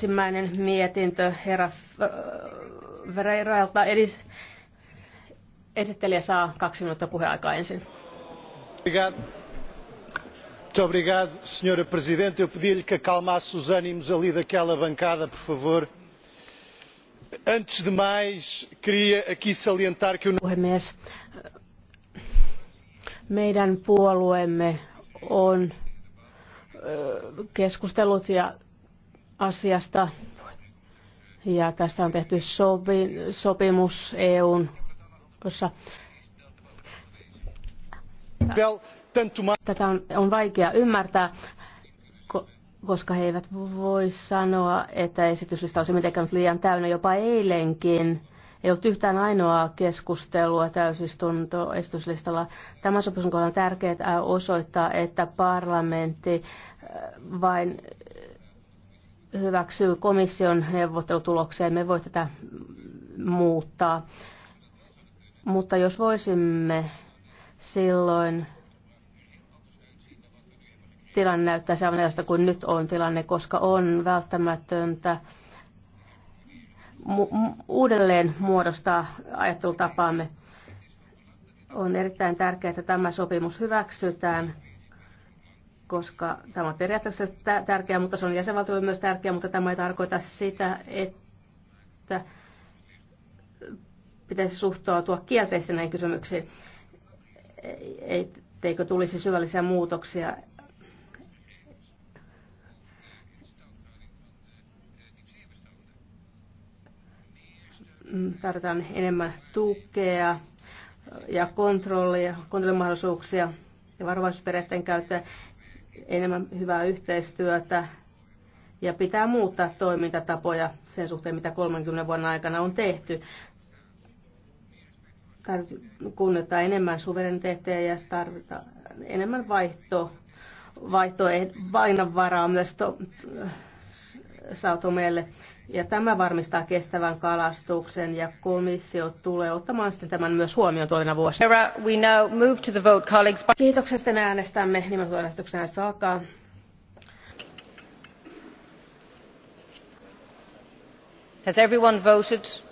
ensimmäinen mietintö herra äh, Vereiralta. Eli esittelijä saa kaksi minuuttia puheaikaa ensin. Muito obrigado, Sra. Presidente. Eu pedi-lhe que acalmasse os ânimos ali daquela bancada, por favor. Antes de mais, queria aqui salientar que o... Puhemies, meidän puolueemme on äh, keskustellut ja asiasta ja tästä on tehty sovi, sopimus EUn jossa tätä on, on vaikea ymmärtää, koska he eivät voi sanoa, että esityslista olisi mitenkään liian täynnä jopa eilenkin. Ei ollut yhtään ainoaa keskustelua täysistunto esityslistalla. Tämän sopimuksen on tärkeää osoittaa, että parlamentti äh, vain hyväksyy komission neuvottelutulokseen, me voi tätä muuttaa. Mutta jos voisimme, silloin tilanne näyttää samanlaista kuin nyt on tilanne, koska on välttämätöntä mu- uudelleen muodostaa ajattelutapaamme. On erittäin tärkeää, että tämä sopimus hyväksytään koska tämä on periaatteessa tärkeää, mutta se on jäsenvaltiolle myös tärkeää, mutta tämä ei tarkoita sitä, että pitäisi suhtautua kielteisesti näihin kysymyksiin, etteikö tulisi syvällisiä muutoksia. Tarvitaan enemmän tukea ja kontrollia, kontrollimahdollisuuksia ja varovaisuusperiaatteen käyttöä enemmän hyvää yhteistyötä ja pitää muuttaa toimintatapoja sen suhteen, mitä 30 vuoden aikana on tehty. Kunnioittaa enemmän suvereniteetteja ja tarvitaan enemmän vaihto, vaihto vainanvaraa myös to, Sautomeelle. meille ja tämä varmistaa kestävän kalastuksen ja komissio tulee ottamaan sitten tämän myös huomioon tuolena vuosina. We now move to the vote, colleagues. Kiitoksesta äänestämme. nimenomaan saakaa. Has everyone voted?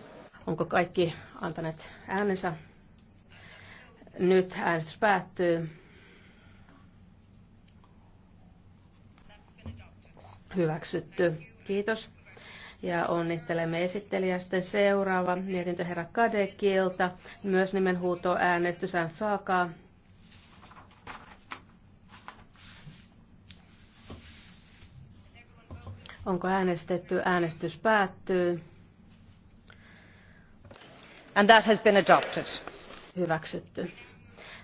Onko kaikki antaneet äänensä? Nyt äänestys päättyy. Hyväksytty. Kiitos ja onnittelemme esittelijää. Sitten seuraava mietintö herra Kadekilta. Myös nimenhuuto äänestys saakaa. Onko äänestetty? Äänestys päättyy. And that has been adopted. Hyväksytty.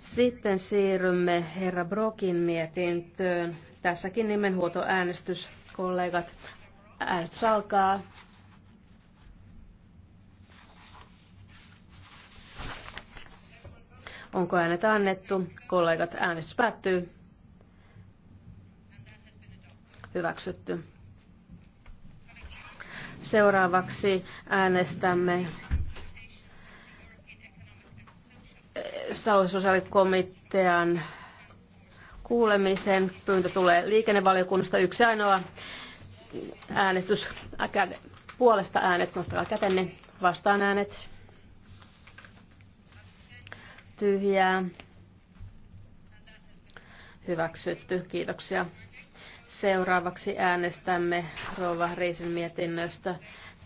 Sitten siirrymme herra Brokin mietintöön. Tässäkin nimenhuutoäänestys, kollegat. Äänestys alkaa. Onko äänet annettu? Kollegat, äänestys päättyy. Hyväksytty. Seuraavaksi äänestämme eh, taloussosiaalikomitean kuulemisen. Pyyntö tulee liikennevaliokunnasta yksi ainoa äänestys puolesta äänet, nostakaa kätenne, vastaan äänet, tyhjää, hyväksytty, kiitoksia. Seuraavaksi äänestämme Rova Riisin mietinnöstä.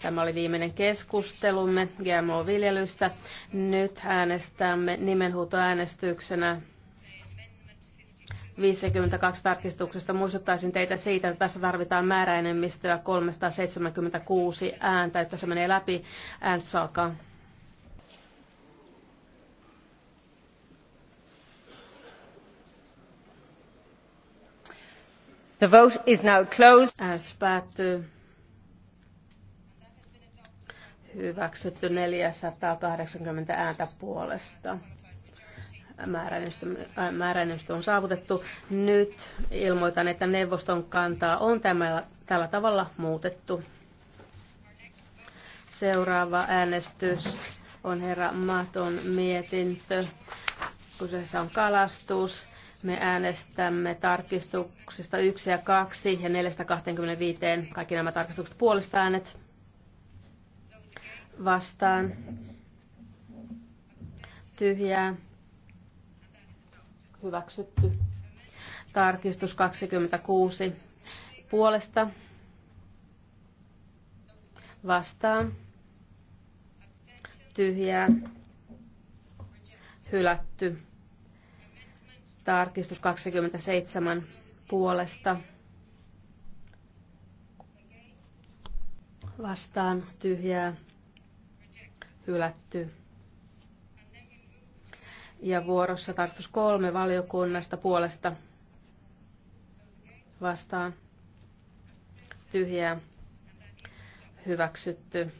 Tämä oli viimeinen keskustelumme GMO-viljelystä. Nyt äänestämme nimenhuutoäänestyksenä 52 tarkistuksesta. Muistuttaisin teitä siitä, että tässä tarvitaan määräenemmistöä 376 ääntä, että se menee läpi. Äänestys alkaa. The vote is now closed. Äänestys päättyy. Hyväksytty 480 ääntä puolesta määräenemmistö äh, on saavutettu. Nyt ilmoitan, että neuvoston kantaa on tämä, tällä tavalla muutettu. Seuraava äänestys on herra Maton mietintö. Kyseessä on kalastus. Me äänestämme tarkistuksista 1 ja 2 ja 4.25. Kaikki nämä tarkistukset puolesta äänet vastaan. Tyhjää Hyväksytty. Tarkistus 26. Puolesta. Vastaan. Tyhjää. Hylätty. Tarkistus 27. Puolesta. Vastaan. Tyhjää. Hylätty ja vuorossa tarkoitus kolme valiokunnasta puolesta vastaan tyhjää hyväksytty.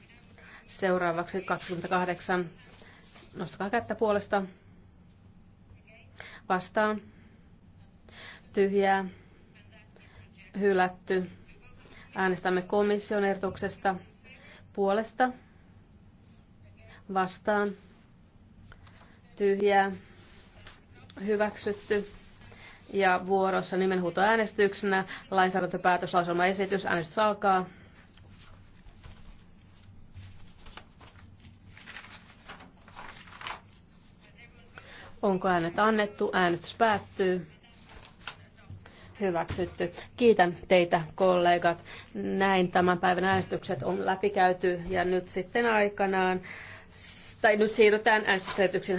Seuraavaksi 28. Nostakaa kättä puolesta. Vastaan. Tyhjää. Hylätty. Äänestämme komission ehdotuksesta puolesta. Vastaan tyhjää hyväksytty. Ja vuorossa nimenhuutoäänestyksenä lainsäädäntöpäätöslauselmaesitys. Äänestys alkaa. Onko äänet annettu? Äänestys päättyy. Hyväksytty. Kiitän teitä kollegat. Näin tämän päivän äänestykset on läpikäyty ja nyt sitten aikanaan, tai nyt siirrytään äänestysselityksiin.